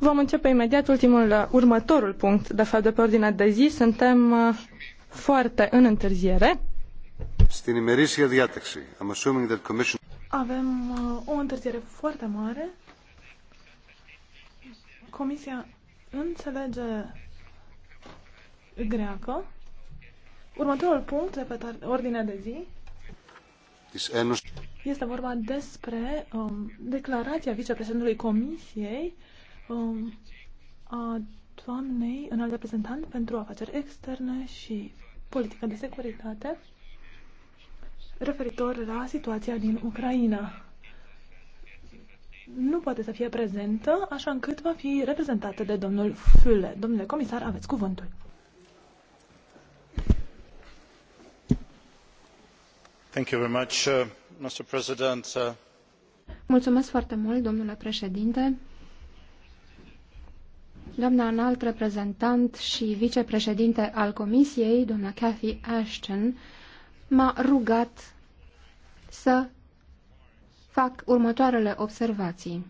Vom începe imediat ultimul, uh, următorul punct, de fapt, de pe ordinea de zi. Suntem uh, foarte în întârziere. Avem uh, o întârziere foarte mare. Comisia înțelege greacă. Următorul punct, pe ordinea de zi. Este vorba despre um, declarația vicepreședintelui Comisiei um, a doamnei înalt reprezentant pentru afaceri externe și politică de securitate referitor la situația din Ucraina. Nu poate să fie prezentă, așa încât va fi reprezentată de domnul Füle. Domnule comisar, aveți cuvântul. Thank you very much. Uh, Mr. Uh, Mulțumesc foarte mult, domnule președinte. Doamna înalt reprezentant și vicepreședinte al Comisiei, doamna Cathy Ashton, m-a rugat să fac următoarele observații.